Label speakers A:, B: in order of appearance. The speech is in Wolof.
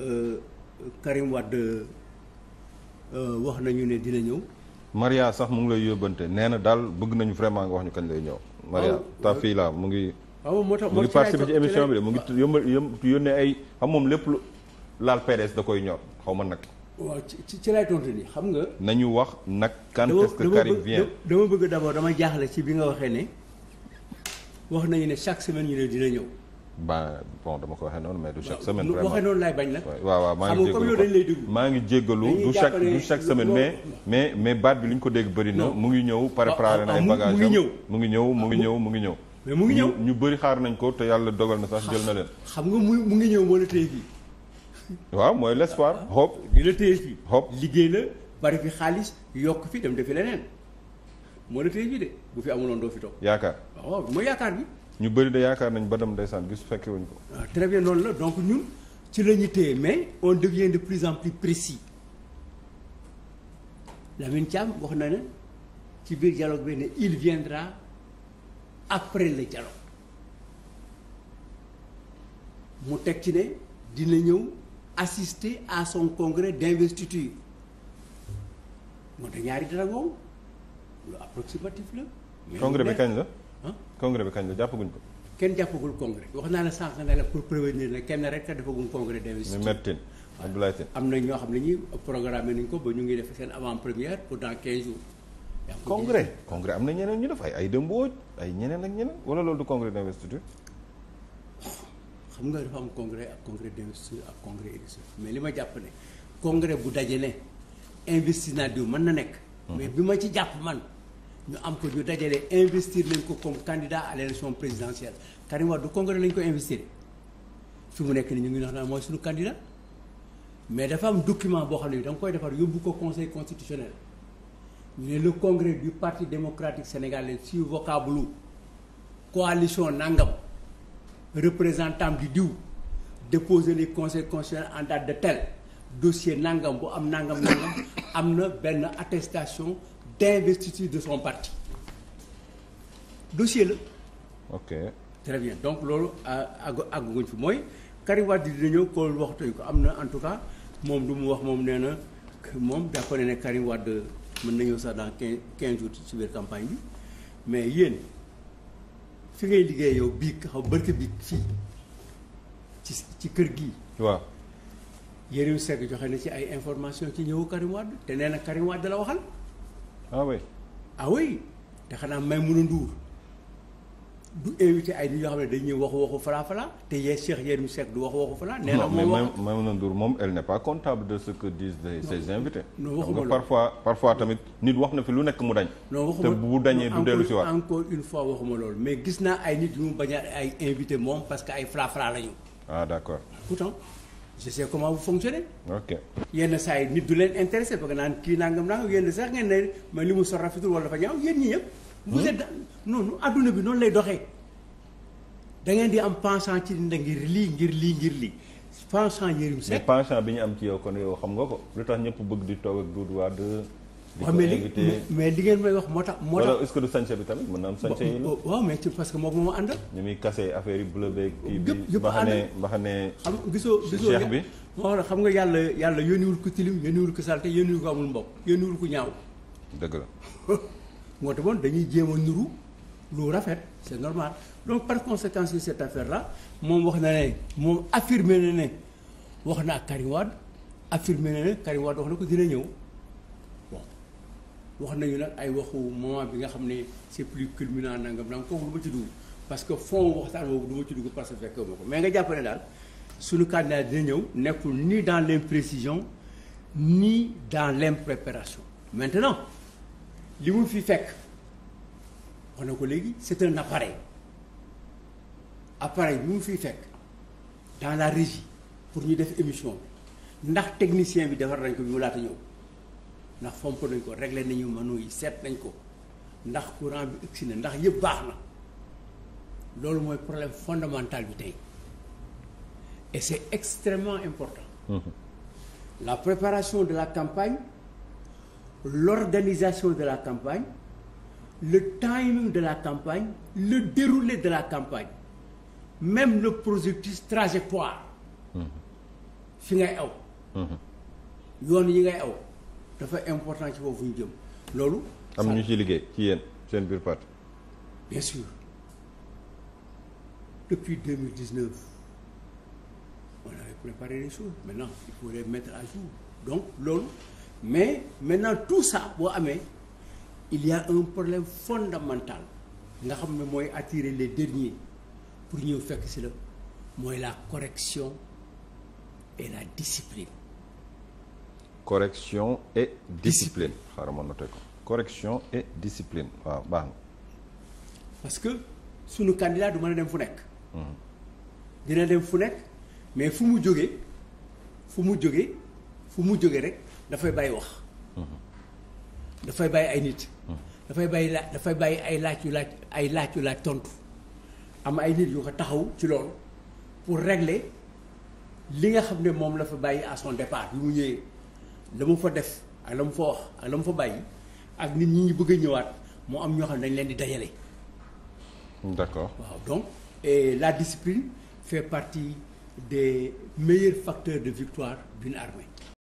A: Euh, Karim Wade euh, wax nañu ne dina ñëw.
B: Maria sax mu ngi lay yóbbante nee na daal bëgg nañu vraiment nga wax ñu kañ lay ñëw. Maria ta fii la mu ngi.
A: waaw ah moo tax mu ngi participer émission bi de
B: mu ngi yómbal yónnee ay xam moom lépp lu laal PDS da koy ñor xaw ma nag. waaw ci ci lay tontu ni xam nga. nañu wax nag. quand est-ce que Karim vient
A: dama bëgg d'abord dama jaaxle ci bi nga waxee ne wax nañu ne chaque semaine ñu ne dina ñëw.
B: ba bon dama ko waxee noonu mais du chaque semaine. vraiment waxee noonu laay bañ nag. waaw waaw maa ngi jégalu maa ngi jégalu du chaque du chaque semaine mais mais mais baat bi li ñu ko dégg bëri na. mu ngi ñëw préparé ah, ah, na ay bagages mu ngi ñëw mu ngi ñëw mu ngi ah, ñëw. mais mu ngi ñëw ñu bëri xaar nañ ko te yàlla dogal na sax jël na leen.
A: xam nga mu mu ngi ñëw moo la téye fii. waaw mooy l'espoir hope. ñu la téye fii hope liggéey la bari fi xaalis yokk fi dem defi leneen moo la téye fii fi amuloon doo
B: yaakaar ñu bëri de yaakaar nañ ba dem ndeysaan gis fekke wuñ ko.
A: Ah, très bien loolu la donc ñun ci la ñu téye mais on devient de plus en plus précis Lamine Thiam wax na ne ci biir dialogue bi ne il viendra après le dialogue mu teg ci ne dina ñëw assister à son congrès d'investiture moo tax ñaari dara ngoow lu approximatif la.
B: congrès bi kañ la. ah. congrès bi kañ la jàppaguñ ko.
A: kenn jàppagul congrès wax naa la sànq na la pour prévenir ne kenn rek a defagum congrès d'investiture. Mertin Abdoulaye Tine am na ñoo xam ne ñi programmé nañ ko ñu ngi def seen avant première pour dans 15 jours.
B: congrès congrès am na ñeneen ñu def ay ay dëmbooj ay ñeneen ak ñeneen wala loolu du congrès d'investiture.
A: xam nga dafa am congrès ak congrès d'investiture ak congrès élection mais li ma jàpp ne congrès bu daje ne investi naa diw mën na nekk. mais bi ma ci jàpp man. ñu am ko ñu dajale investir nañ ko comme candidat à l' élection présidentielle Karim Wade du congrès lañ ko investir fi mu nekk ni ñu ngi wax naan mooy suñu candidat mais dafa am document boo xam ne bi da nga koy defar yóbbu ko conseil constitutionnel ñu ne le congrès du parti démocratique sénégalais si vocable coalition nangam représentant du diw déposé ni conseil constitutionnel en date de tel dossier nangam bu am nangam nangam am na benn attestation d'investiture de son parti dossier la. ok très bien donc loolu àgg àgguñ fi mooy Karim Wade dina ñëw ko waxtuñ ko am na en tout cas moom du mu wax moom nee na moom d'accord ne Karim Wade mën nañoo sax dans quinze quinze jours si biir campagne bi mais yéen fi ngay liggéey yow bii xaw barke bi fii ci ci kër gii. waaw. Yérim Seck joxe na ci ay information ci ñëwu Karim Wade te nee na Karim Wade la waxal. ah oui ah oui te xanaa may mën a nduur du invité ay nit yoo xam ne dañuy wax waxu fala fala te yee Cheikh Yérim Seck du wax waxu fala. nee na moo wax
B: mais Maimouna Ndour moom elle n'est pas comptable de ce que disent ses invités. non waxuma parfois parfois tamit nit wax na fi lu nekk mu dañ. non waxuma te bu dañee du dellu si waat
A: encore une fois waxuma loolu mais gis naa ay nit yu mu bañ ay invité moom parce que ay fala fala lañu. ah d'accord je sais comment vous fonctionnez. ok yenn saa yi nit du leen intéressé parce que naan kii naa nangam yenn sax ngeen ne man li mu sor rafetul wala dafa ñaaw yéen ñi ñëpp. vous êtes noonu adduna bi noonu lay doxee. da ngeen di am pensant ci dina ngir lii ngir lii ngir lii pensant Yérim Seck. mais pensant bi ñu am ci yow kon yow xam nga ko lu tax ñëpp
B: bëgg di toog ak Doudou Wade
A: waaw mais li mais li ngeen may wax moo tax. moo tax
B: est-ce du sañse bi tamit mën na am sañse yi la.
A: waaw mais ci parce que moom moo ànd.
B: ñu muy kase affaire yi bleu beeg. kii bi mbaxane mbaxane xam gisoo gisoo cheikh bi.
A: moo tax xam nga yàlla yàlla yónniwul ku tilim yónniwul ku salte yónniwul ko amul mbokk yónniwul ko ñaaw. dëgg la. moo dañuy jéem a nuru lu rafet c'est normal donc par conséquent sur cette affaire moom wax na ne moom affirmé na ne wax na ak Karim Wade affirmé na ne Karim wax na ko dina ñëw. wax nañu nag ay waxu moment bi nga xam ne c'est plus culminant nangam donc kooku du ma ci dugg parce que fond waxtaan boobu du ma ci dugg parce que fekke ma ko mais nga jàpp ne daal suñu ñëw nekkul ni dans l'imprécision ni dans l'impréparation maintenant li mu fi fekk wax na ko léegi c'est un appareil appareil bi mu fi fekk dans la régie pour ñu def émission bi ndax technicien bi defar nañ ko bi mu laata ñëw ndax fomp nañ ko réglé nañu manu yi seet nañ ko ndax courant bi ëgsi na ndax yëpp baax na loolu mooy problème fondamental bi tey et c'est extrêmement important mhm. la préparation de la campagne l'organisation de la campagne le timing de la campagne le déroulé de la campagne même le processus trajectoire mhm. fi ngay aw mhm. yoon yi ngay aw dafa important ci foofu ñu jëm loolu.
B: am ñu ci liggéey ci yéen seen biir parti.
A: bien sûr depuis deux mille dix neuf on avait préparé les il faut les à jour donc loolu mais maintenant tout ça boo amee il y a un problème fondamental nga xam ne mooy attire les derniers pour ñëw fekk si la mooy la correction et la discipline.
B: correction et discipline xaaral ma ko correction et discipline waaw baax na.
A: parce que sunu candidat du mën a dem fu nekk. Mhm. dina dem fu nekk mais fu mu jógee fu mu jógee fu mu jógee rek dafay bàyyi wax. Mhm. dafay bàyyi ay nit. Mhm. dafay bàyyi la dafay bàyyi ay laaj yu laaj ay laaj yu laaj tontu am ay nit yu ko taxaw ci loolu pour régler li nga xam ne moom la fa bàyyi à son départ yu mu ñëwee. la mu fa def ak la mu fa wax ak la mu fa bàyyi ak nit ñi ñu bëgg ñëwaat moo am ñoo xam ne dañ leen di dajale. d'accord waaw donc et la discipline fait partie des meilleurs facteurs de victoire d'une armée.